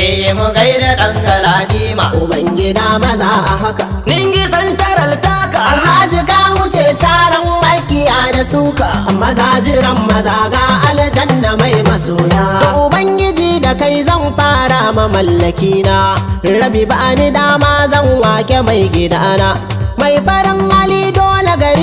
E, mu gaida ɗan galadima. Ubangida maza a haka. Ningi santaral taka. Alhaji ka wuce saran makiya da suka. Maza jiran maza ga aljanna mai masoya. Ta Ubangiji da kai zan fara mamallaki na. Rabi ba ni dama zan wake mai gidana. Mai farin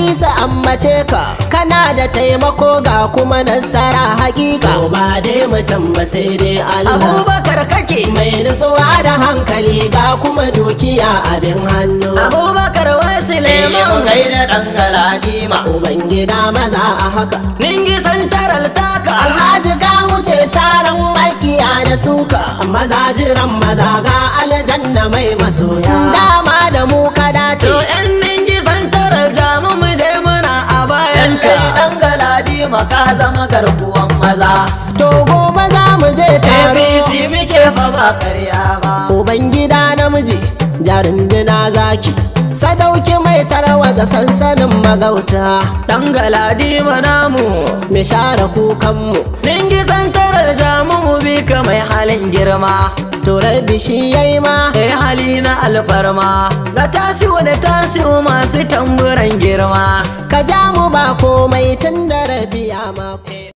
isa ammace ka kana da taimako ga kuma nasara hakika ba dai mutum ba sai dai Allah Abubakar kake mai nutsuwa da hankali ga kuma dukiya abin hannu Abubakar wai Suleiman eh, gaida dan ma ubangida maza a haka ningi santaral taka alhaji ka wuce saran makiya da suka maza jiran maza ga aljanna mai masoya dama da halima ka zama garkuwan maza gobe za mu je taro abc muke fa ba karya ba ubangida namiji jarin dina zaki sadauki mai tarwaza sansanin magauta dan galadi manamu mu share kukanmu ningisan tarar jamu bi ka mai halin girma to rabi shi yi ma eh hali na alfarma na tasiwo da tasiwo masu tamburan girma ka ja mu ba komai tun da rabiya ma